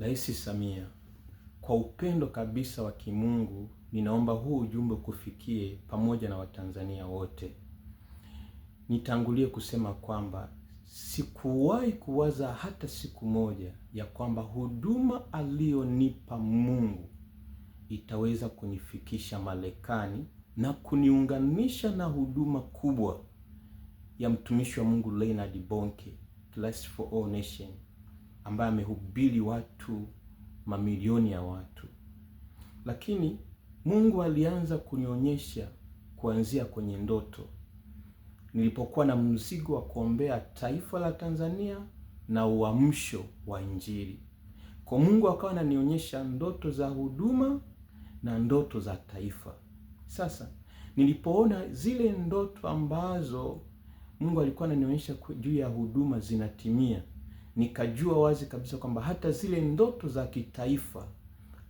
Rais Samia, kwa upendo kabisa wa kimungu ninaomba huu ujumbe kufikie pamoja na Watanzania wote. Nitangulie kusema kwamba sikuwahi kuwaza hata siku moja ya kwamba huduma aliyonipa Mungu itaweza kunifikisha Marekani na kuniunganisha na huduma kubwa ya mtumishi wa Mungu Leonard Bonke, for All ambaye amehubiri watu mamilioni ya watu, lakini Mungu alianza kunionyesha kuanzia kwenye ndoto nilipokuwa na mzigo wa kuombea taifa la Tanzania na uamsho wa Injili. Kwa Mungu akawa ananionyesha ndoto za huduma na ndoto za taifa. Sasa nilipoona zile ndoto ambazo Mungu alikuwa ananionyesha juu ya huduma zinatimia, nikajua wazi kabisa kwamba hata zile ndoto za kitaifa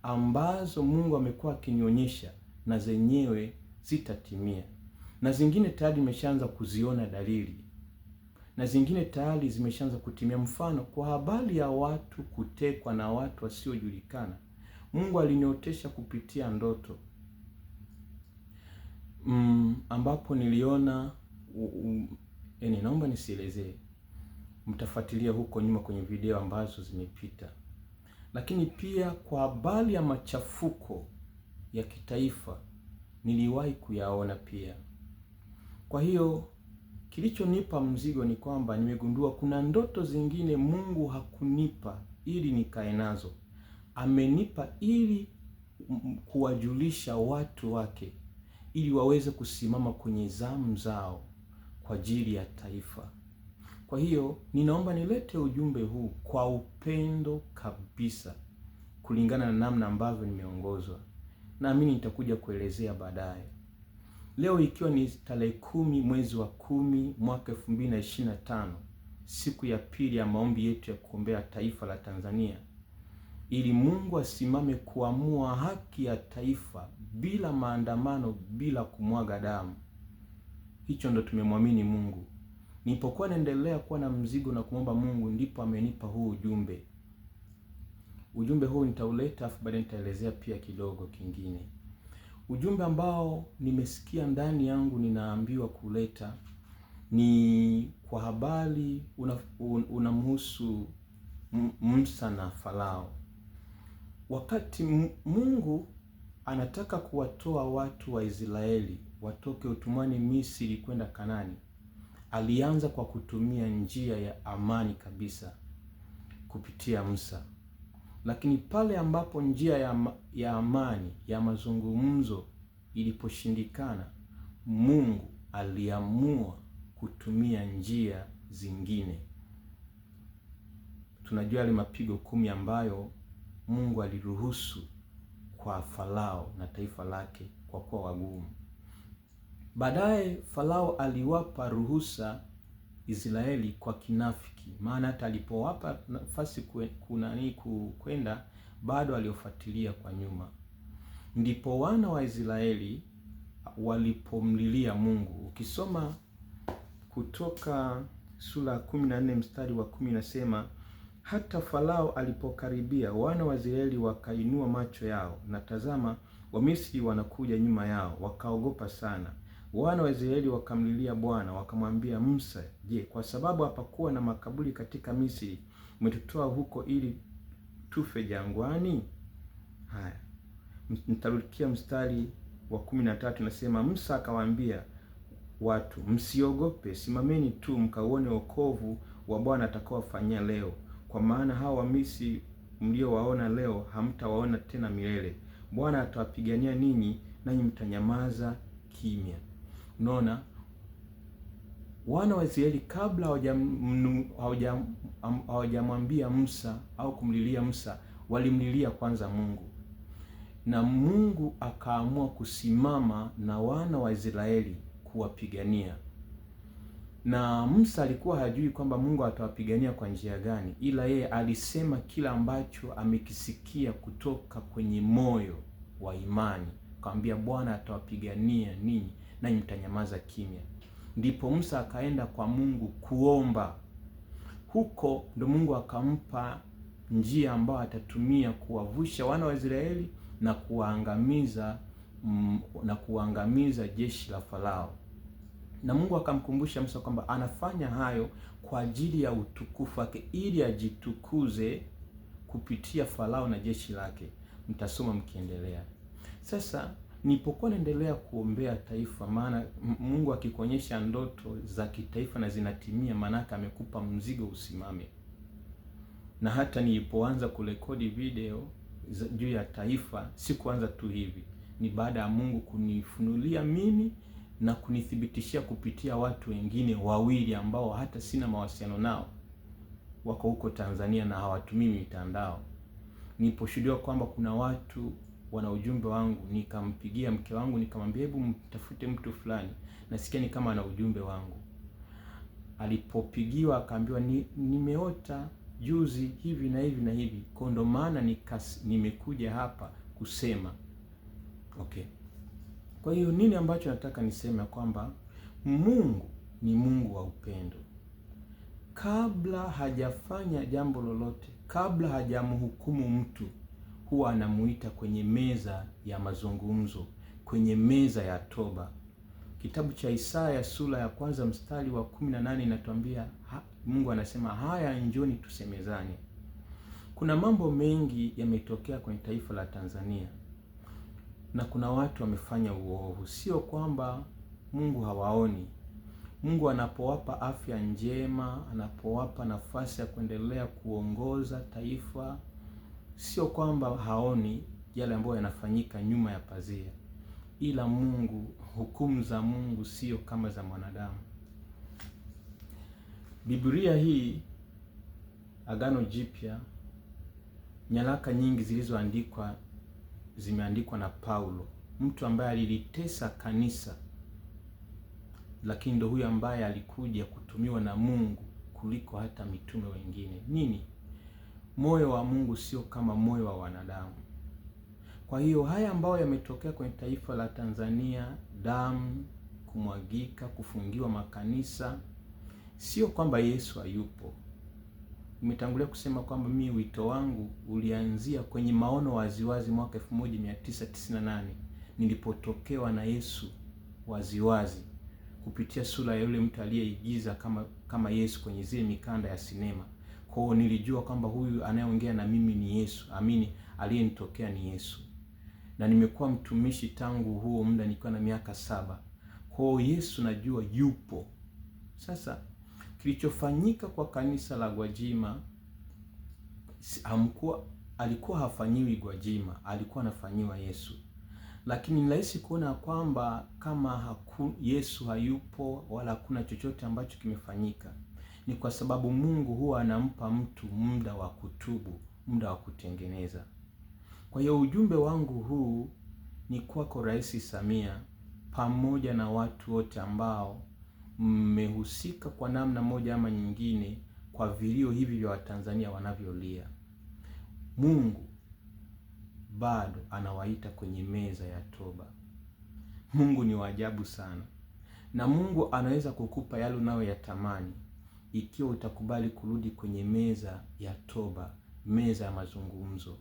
ambazo Mungu amekuwa akinionyesha na zenyewe zitatimia, na zingine tayari nimeshaanza kuziona dalili, na zingine tayari zimeshaanza kutimia. Mfano, kwa habari ya watu kutekwa na watu wasiojulikana, Mungu aliniotesha kupitia ndoto mm, ambapo niliona u, u, yaani naomba nisielezee mtafuatilia huko nyuma kwenye video ambazo zimepita. Lakini pia kwa habari ya machafuko ya kitaifa niliwahi kuyaona pia. Kwa hiyo kilichonipa mzigo ni kwamba nimegundua kuna ndoto zingine Mungu hakunipa ili nikae nazo, amenipa ili kuwajulisha watu wake ili waweze kusimama kwenye zamu zao kwa ajili ya taifa. Kwa hiyo ninaomba nilete ujumbe huu kwa upendo kabisa, kulingana na namna ambavyo nimeongozwa, naamini nitakuja kuelezea baadaye. Leo ikiwa ni tarehe kumi mwezi wa kumi mwaka elfu mbili na ishirini na tano siku ya pili ya maombi yetu ya kuombea taifa la Tanzania ili Mungu asimame kuamua haki ya taifa bila maandamano, bila kumwaga damu. Hicho ndo tumemwamini Mungu. Nilipokuwa naendelea kuwa na mzigo na kumwomba Mungu, ndipo amenipa huu ujumbe. Ujumbe huu nitauleta afu baadaye nitaelezea pia kidogo kingine. Ujumbe ambao nimesikia ndani yangu ninaambiwa kuleta ni kwa habari unamhusu una Musa na Farao. Wakati Mungu anataka kuwatoa watu wa Israeli watoke utumwani Misri kwenda Kanani, alianza kwa kutumia njia ya amani kabisa kupitia Musa, lakini pale ambapo njia ya, ya amani ya mazungumzo iliposhindikana, Mungu aliamua kutumia njia zingine. Tunajua yale mapigo kumi ambayo Mungu aliruhusu kwa Farao na taifa lake kwa kuwa wagumu. Baadaye Farao aliwapa ruhusa Israeli kwa kinafiki, maana hata alipowapa nafasi kunani kwenda bado aliofuatilia kwa nyuma. Ndipo wana wa Israeli walipomlilia Mungu. Ukisoma Kutoka sura 14 mstari wa 10 nasema hata Farao alipokaribia wana wa Israeli wakainua macho yao, na tazama, Wamisri wanakuja nyuma yao, wakaogopa sana. Wana wa Israeli wakamlilia Bwana wakamwambia Musa, je, kwa sababu hapakuwa na makaburi katika Misri, umetutoa huko ili tufe jangwani? Haya, nitarukia mstari wa kumi na tatu nasema, Musa akawaambia watu, msiogope, simameni tu mkauone wokovu wa Bwana atakaowafanyia leo, kwa maana hawa Wamisri mliowaona leo hamtawaona tena milele. Bwana atawapigania ninyi, nanyi mtanyamaza kimya. Unaona, wana wa Israeli kabla hawajamwambia Musa au kumlilia Musa, walimlilia kwanza Mungu na Mungu akaamua kusimama na wana wa Israeli kuwapigania. Na Musa alikuwa hajui kwamba Mungu atawapigania kwa njia gani, ila yeye alisema kila ambacho amekisikia kutoka kwenye moyo wa imani, akamwambia Bwana atawapigania ninyi nanyi mtanyamaza kimya. Ndipo Musa akaenda kwa Mungu kuomba. Huko ndo Mungu akampa njia ambayo atatumia kuwavusha wana wa Israeli na kuwaangamiza mm, na kuangamiza jeshi la Farao. Na Mungu akamkumbusha Musa kwamba anafanya hayo kwa ajili ya utukufu wake, ili ajitukuze kupitia Farao na jeshi lake. Mtasoma mkiendelea. Sasa nipokuwa naendelea kuombea taifa, maana Mungu akikuonyesha ndoto za kitaifa na zinatimia, maanake amekupa mzigo usimame. Na hata nilipoanza kurekodi video juu ya taifa, sikuanza tu hivi, ni baada ya Mungu kunifunulia mimi na kunithibitishia kupitia watu wengine wawili ambao hata sina mawasiliano nao, wako huko Tanzania na hawatumii mitandao. niposhuhudia kwamba kuna watu wana ujumbe wangu, nikampigia mke wangu nikamwambia, hebu mtafute mtu fulani, nasikia ni kama ana ujumbe wangu. Alipopigiwa akaambiwa, ni nimeota juzi hivi na hivi na hivi, kwa ndo maana nimekuja hapa kusema okay. Kwa hiyo nini ambacho nataka niseme kwamba Mungu ni Mungu wa upendo. Kabla hajafanya jambo lolote, kabla hajamhukumu mtu huwa anamuita kwenye meza ya mazungumzo, kwenye meza ya toba. Kitabu cha Isaya sura ya kwanza mstari wa kumi na nane inatuambia Mungu anasema, haya njoni tusemezane. Kuna mambo mengi yametokea kwenye taifa la Tanzania na kuna watu wamefanya uovu. Sio kwamba Mungu hawaoni. Mungu anapowapa afya njema, anapowapa nafasi ya kuendelea kuongoza taifa sio kwamba haoni yale ambayo yanafanyika nyuma ya pazia, ila Mungu, hukumu za Mungu sio kama za mwanadamu. Biblia hii, Agano Jipya, nyaraka nyingi zilizoandikwa zimeandikwa na Paulo, mtu ambaye alilitesa kanisa, lakini ndo huyo ambaye alikuja kutumiwa na Mungu kuliko hata mitume wengine. Nini? moyo wa Mungu sio kama moyo wa wanadamu. Kwa hiyo haya ambayo yametokea kwenye taifa la Tanzania, damu kumwagika, kufungiwa makanisa, sio kwamba Yesu hayupo. Nimetangulia kusema kwamba mimi wito wangu ulianzia kwenye maono waziwazi mwaka 1998 nilipotokewa na Yesu waziwazi kupitia sura ya yule mtu aliyeigiza kama kama Yesu kwenye zile mikanda ya sinema hiyo nilijua kwamba huyu anayeongea na mimi ni Yesu, amini, aliyenitokea ni Yesu, na nimekuwa mtumishi tangu huo muda nikiwa na miaka saba. hiyo Yesu najua yupo. Sasa kilichofanyika kwa kanisa la Gwajima amkuwa alikuwa hafanyiwi Gwajima, alikuwa anafanyiwa Yesu lakini ni rahisi kuona kwamba kama haku, Yesu hayupo wala hakuna chochote ambacho kimefanyika ni kwa sababu Mungu huwa anampa mtu muda wa kutubu, muda wa kutengeneza. Kwa hiyo ujumbe wangu huu ni kwako Rais Samia pamoja na watu wote ambao mmehusika kwa namna moja ama nyingine kwa vilio hivi vya Watanzania wanavyolia. Mungu bado anawaita kwenye meza ya toba. Mungu ni wa ajabu sana, na Mungu anaweza kukupa yale unayoyatamani ikiwa utakubali kurudi kwenye meza ya toba, meza ya mazungumzo.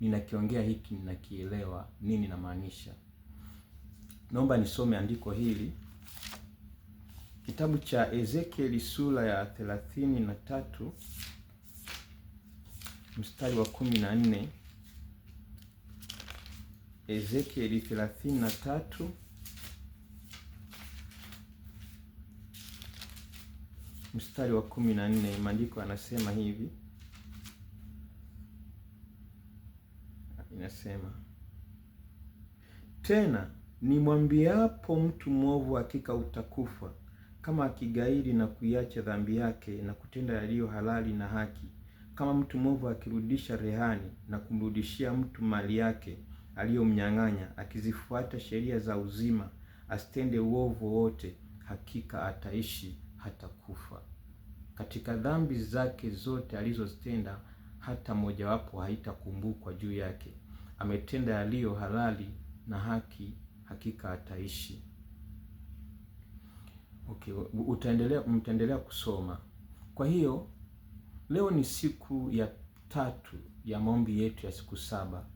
Ninakiongea hiki, ninakielewa nini namaanisha. Naomba nisome andiko hili, kitabu cha Ezekieli sura ya thelathini na tatu mstari wa kumi na nne Ezekieli thelathini na tatu mstari wa kumi na nne maandiko anasema hivi, inasema tena nimwambiapo mtu mwovu hakika utakufa, kama akigairi na kuiacha dhambi yake na kutenda yaliyo halali na haki, kama mtu mwovu akirudisha rehani na kumrudishia mtu mali yake aliyomnyang'anya, akizifuata sheria za uzima, asitende uovu wote, hakika ataishi hatakufa. Katika dhambi zake zote alizozitenda, hata mojawapo haitakumbukwa juu yake. Ametenda yaliyo halali na haki, hakika ataishi. Okay, utaendelea, mtaendelea kusoma. Kwa hiyo leo ni siku ya tatu ya maombi yetu ya siku saba,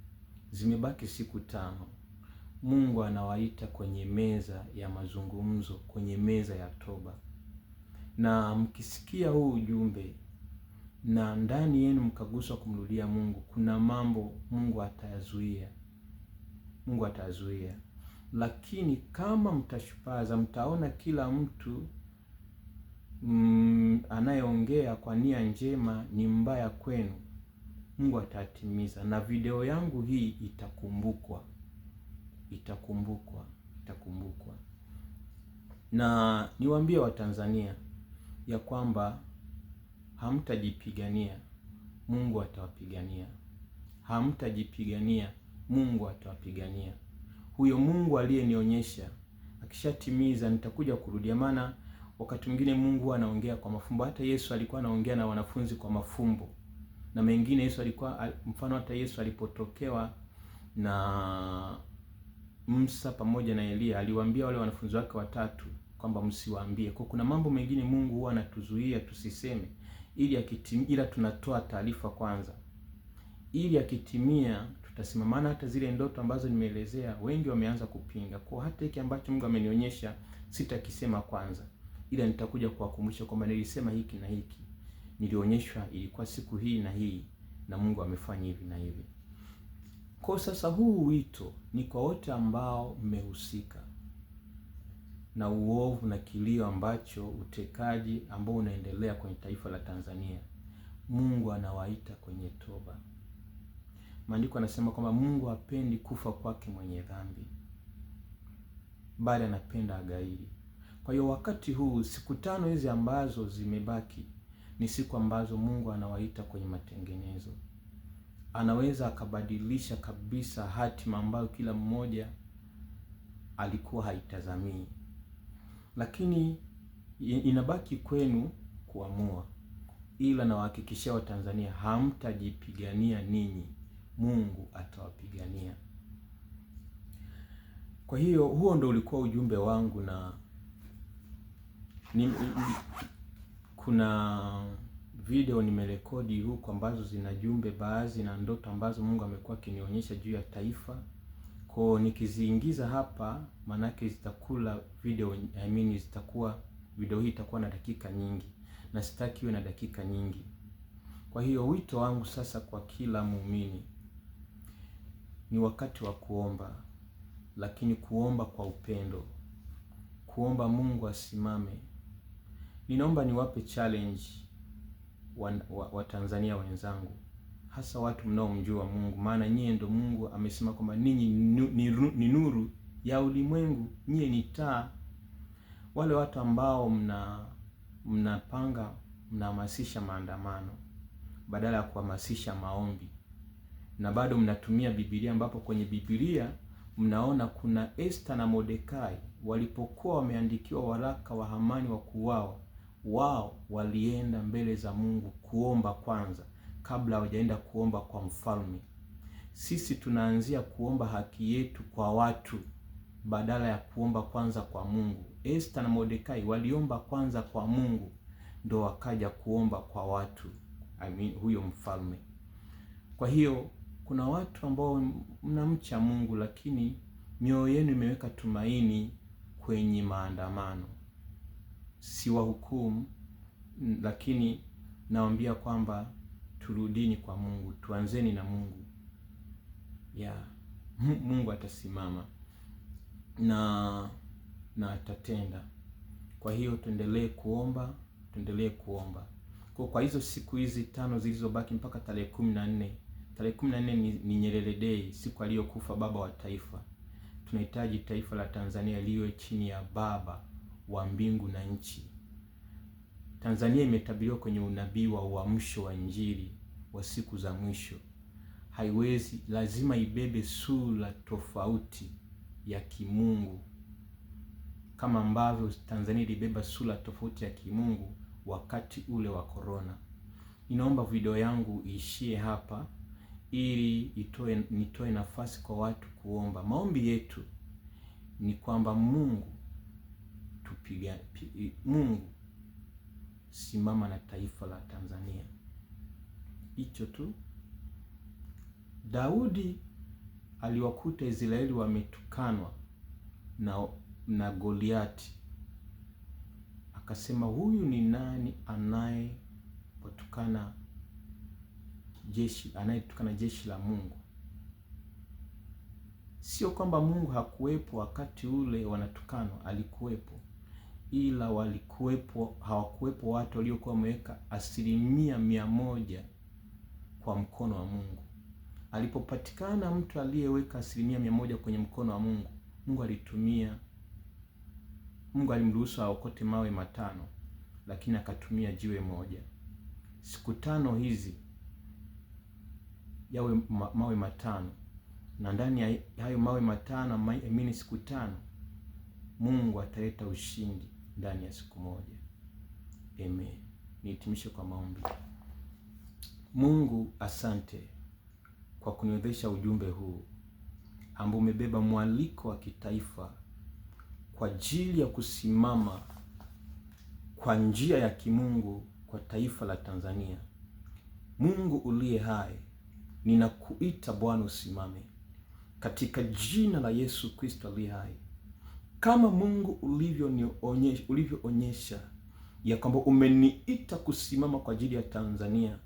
zimebaki siku tano. Mungu anawaita kwenye meza ya mazungumzo, kwenye meza ya toba na mkisikia huu ujumbe na ndani yenu mkaguswa kumrudia Mungu, kuna mambo Mungu atayazuia, Mungu atayazuia. Lakini kama mtashupaza, mtaona kila mtu mm, anayeongea kwa nia njema ni mbaya kwenu, Mungu atatimiza, na video yangu hii itakumbukwa, itakumbukwa, itakumbukwa. Na niwaambie Watanzania ya kwamba hamtajipigania, Mungu atawapigania. Hamtajipigania, Mungu atawapigania. Huyo Mungu aliyenionyesha akishatimiza nitakuja kurudia, maana wakati mwingine Mungu anaongea kwa mafumbo. Hata Yesu alikuwa anaongea na wanafunzi kwa mafumbo na mengine Yesu alikuwa mfano, hata Yesu alipotokewa na Musa pamoja na Eliya aliwaambia wale wanafunzi wake watatu kwamba msiwaambie. Kwa kuna mambo mengine Mungu huwa anatuzuia tusiseme, ili akitimia, ila tunatoa taarifa kwanza, ili akitimia tutasimamana. Hata zile ndoto ambazo nimeelezea, wengi wameanza kupinga, kwa hata hiki ambacho Mungu amenionyesha sitakisema kwanza, ila nitakuja kuwakumbusha kwamba nilisema hiki na hiki, nilionyeshwa ilikuwa siku hii na hii, na Mungu amefanya hivi na hivi. Kwa sasa huu wito ni kwa wote ambao mmehusika na uovu na kilio ambacho utekaji ambao unaendelea kwenye taifa la Tanzania. Mungu anawaita kwenye toba. Maandiko anasema kwamba Mungu hapendi kufa kwake mwenye dhambi, bali anapenda agaidi. Kwa hiyo wakati huu, siku tano hizi ambazo zimebaki ni siku ambazo Mungu anawaita kwenye matengenezo. Anaweza akabadilisha kabisa hatima ambayo kila mmoja alikuwa haitazamii lakini inabaki kwenu kuamua, ila nawahakikishia Watanzania hamtajipigania ninyi, Mungu atawapigania. Kwa hiyo huo ndo ulikuwa ujumbe wangu, na ni, ni, kuna video nimerekodi huko ambazo zina jumbe baadhi na ndoto ambazo Mungu amekuwa akinionyesha juu ya taifa kwa nikiziingiza hapa manake zitakula video, I mean zitakuwa video hii itakuwa na dakika nyingi na sitaki iwe na dakika nyingi. Kwa hiyo wito wangu sasa kwa kila muumini ni wakati wa kuomba, lakini kuomba kwa upendo, kuomba Mungu asimame. Ninaomba niwape challenge wa, wa, wa Tanzania wenzangu hasa watu mnaomjua Mungu, maana nyie ndo Mungu amesema kwamba ninyi ni nuru ya ulimwengu, nyie ni taa. Wale watu ambao mna mnapanga mnahamasisha maandamano badala ya kuhamasisha maombi, na bado mnatumia Biblia, ambapo kwenye Biblia mnaona kuna Esther na Mordekai walipokuwa wameandikiwa waraka wa Hamani wa kuuawa, wao walienda mbele za Mungu kuomba kwanza kabla hawajaenda kuomba kwa mfalme. Sisi tunaanzia kuomba haki yetu kwa watu badala ya kuomba kwanza kwa Mungu. Esther na Mordekai waliomba kwanza kwa Mungu ndo wakaja kuomba kwa watu. I mean, huyo mfalme. Kwa hiyo kuna watu ambao mnamcha Mungu lakini mioyo yenu imeweka tumaini kwenye maandamano. Siwahukumu, lakini naambia kwamba turudini kwa Mungu, tuanzeni na Mungu ya yeah. Mungu atasimama na na atatenda. Kwa hiyo tuendelee kuomba, tuendelee kuomba kwa, kwa hizo siku hizi tano zilizobaki mpaka tarehe kumi na nne tarehe kumi na nne ni, ni Nyerere Day, siku aliyokufa baba wa taifa. Tunahitaji taifa la Tanzania liwe chini ya baba wa mbingu na nchi. Tanzania imetabiriwa kwenye unabii wa uamsho wa Injili wa siku za mwisho. Haiwezi, lazima ibebe sura tofauti ya kimungu kama ambavyo Tanzania ilibeba sura tofauti ya kimungu wakati ule wa corona. Inaomba video yangu iishie hapa ili itoe nitoe nafasi kwa watu kuomba. Maombi yetu ni kwamba Mungu tupiga, Mungu simama na taifa la Tanzania hicho tu. Daudi aliwakuta Israeli wametukanwa na, na Goliati, akasema huyu ni nani anayetukana jeshi anayetukana jeshi la Mungu? Sio kwamba Mungu hakuwepo wakati ule wanatukanwa, alikuwepo, ila walikuwepo, hawakuwepo watu waliokuwa wameweka asilimia mia moja kwa mkono wa Mungu. Alipopatikana mtu aliyeweka asilimia mia moja kwenye mkono wa Mungu, Mungu alitumia, Mungu alimruhusu aokote mawe matano, lakini akatumia jiwe moja. Siku tano hizi yawe mawe matano, na ndani ya hayo mawe matano, amini, siku tano, Mungu ataleta ushindi ndani ya siku moja. Amen. Nihitimishe kwa maombi. Mungu asante kwa kuniwezesha ujumbe huu ambao umebeba mwaliko wa kitaifa kwa ajili ya kusimama kwa njia ya kimungu kwa taifa la Tanzania. Mungu uliye hai, ninakuita Bwana, usimame katika jina la Yesu Kristo aliye hai, kama Mungu ulivyoonyesha ulivyoonyesha ya kwamba umeniita kusimama kwa ajili ya Tanzania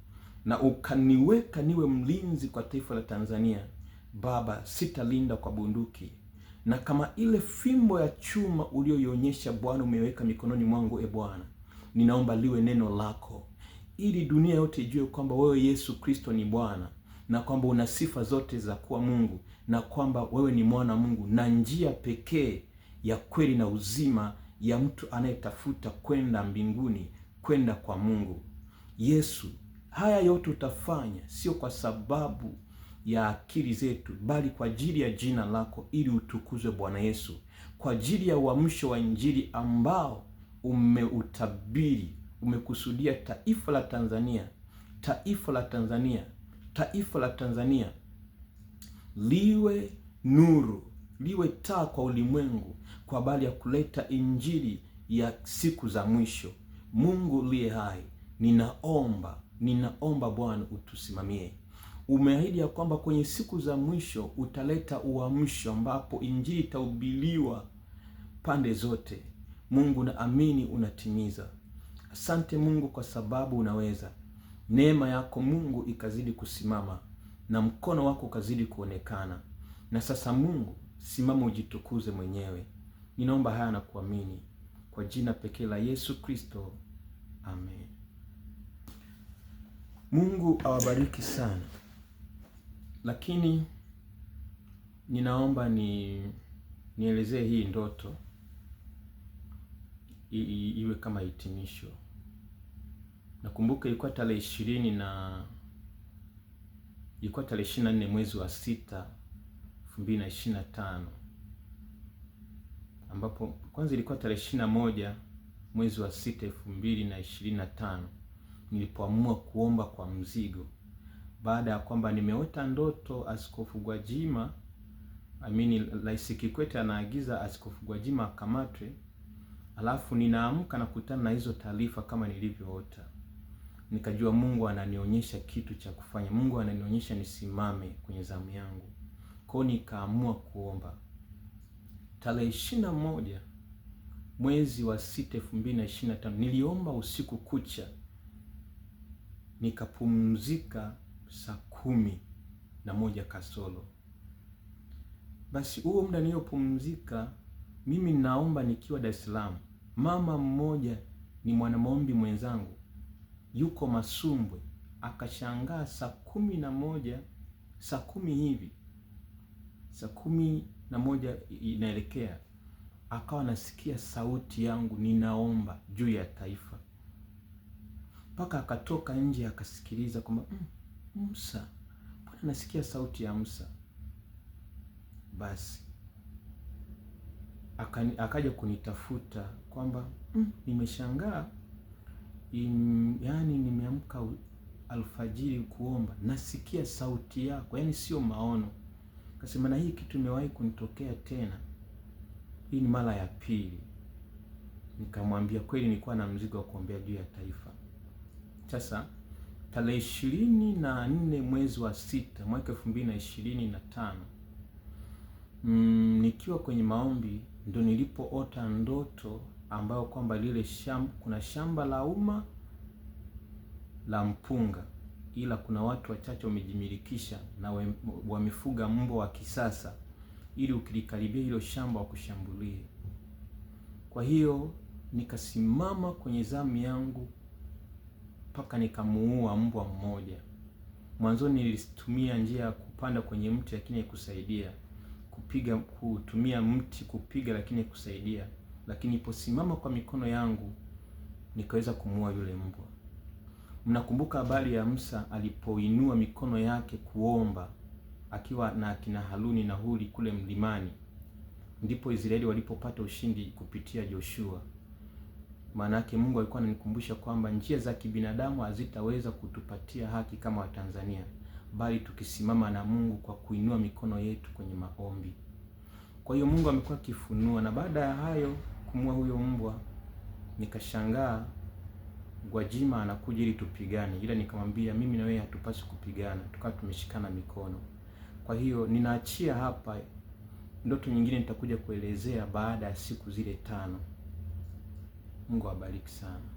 na ukaniweka niwe mlinzi kwa taifa la Tanzania. Baba, sitalinda kwa bunduki, na kama ile fimbo ya chuma uliyoionyesha Bwana, umeweka mikononi mwangu, e Bwana, ninaomba liwe neno lako, ili dunia yote ijue kwamba wewe Yesu Kristo ni Bwana na kwamba una sifa zote za kuwa Mungu na kwamba wewe ni mwana Mungu na njia pekee ya kweli na uzima ya mtu anayetafuta kwenda mbinguni, kwenda kwa Mungu Yesu. Haya yote utafanya sio kwa sababu ya akili zetu, bali kwa ajili ya jina lako, ili utukuzwe Bwana Yesu, kwa ajili ya uamsho wa Injili ambao umeutabiri, umekusudia taifa la Tanzania, taifa la Tanzania, taifa la Tanzania liwe nuru, liwe taa kwa ulimwengu, kwa habari ya kuleta Injili ya siku za mwisho. Mungu liye hai ninaomba, ninaomba Bwana utusimamie. Umeahidi ya kwamba kwenye siku za mwisho utaleta uamsho ambapo injili itahubiriwa pande zote. Mungu naamini unatimiza. Asante Mungu kwa sababu unaweza. Neema yako Mungu ikazidi kusimama na mkono wako ukazidi kuonekana. Na sasa Mungu, simama ujitukuze mwenyewe. Ninaomba haya na kuamini kwa jina pekee la Yesu Kristo, amen. Mungu awabariki sana, lakini ninaomba ni nielezee hii ndoto i, i, iwe kama hitimisho. Nakumbuka ilikuwa tarehe ishirini na ilikuwa tarehe ishirini na nne mwezi wa sita elfu mbili na ishirini na tano ambapo kwanza ilikuwa tarehe ishirini na moja mwezi wa sita elfu mbili na ishirini na tano nilipoamua kuomba kwa mzigo, baada ya kwamba nimeota ndoto Askofu Gwajima amini, Rais Kikwete anaagiza Askofu Gwajima akamatwe, alafu ninaamka nakutana na hizo taarifa kama nilivyoota nikajua Mungu ananionyesha kitu cha kufanya. Mungu ananionyesha nisimame kwenye zamu yangu. Kwao nikaamua kuomba. Tarehe ishirini na moja mwezi wa sita elfu mbili na ishirini na tano niliomba usiku kucha nikapumzika saa kumi na moja kasoro. Basi huo muda niliyopumzika mimi naomba nikiwa Dar es Salaam. Mama mmoja ni mwanamaombi mwenzangu yuko Masumbwe akashangaa saa kumi na moja saa kumi hivi saa kumi na moja inaelekea, akawa nasikia sauti yangu ninaomba juu ya taifa mpaka akatoka nje akasikiliza kwamba mm, Musa, mbona nasikia sauti ya Musa? Basi akani, akaja kunitafuta kwamba mm. nimeshangaa, yaani nimeamka alfajiri kuomba, nasikia sauti yako, yaani sio maono. Kasema na hii kitu imewahi kunitokea tena, hii ni mara ya pili. Nikamwambia kweli, nilikuwa na mzigo wa kuombea juu ya taifa. Sasa tarehe ishirini na nne mwezi wa sita mwaka elfu mbili na ishirini na tano mm, nikiwa kwenye maombi ndo nilipoota ndoto ambayo kwamba lile shamba, kuna shamba la umma la mpunga ila kuna watu wachache wamejimilikisha na wamefuga mbwa wa kisasa ili ukilikaribia hilo shamba wakushambulie. Kwa hiyo nikasimama kwenye zamu yangu mpaka nikamuua mbwa mmoja. Mwanzoni nilitumia njia ya kupanda kwenye mti lakini haikusaidia, kupiga kutumia mti kupiga lakini haikusaidia, lakini posimama kwa mikono yangu nikaweza kumuua yule mbwa. Mnakumbuka habari ya Musa alipoinua mikono yake kuomba akiwa na akina Haruni na Huri kule mlimani, ndipo Israeli walipopata ushindi kupitia Joshua. Maanake Mungu alikuwa ananikumbusha kwamba njia za kibinadamu hazitaweza kutupatia haki kama Watanzania, bali tukisimama na Mungu kwa kuinua mikono yetu kwenye maombi. Kwa hiyo Mungu amekuwa akifunua, na baada ya hayo kumua huyo mbwa, nikashangaa Gwajima anakuja ili tupigane, ila nikamwambia mimi na wewe hatupaswi kupigana, tukawa tumeshikana mikono. Kwa hiyo ninaachia hapa, ndoto nyingine nitakuja kuelezea baada ya siku zile tano. Mungu awabariki sana.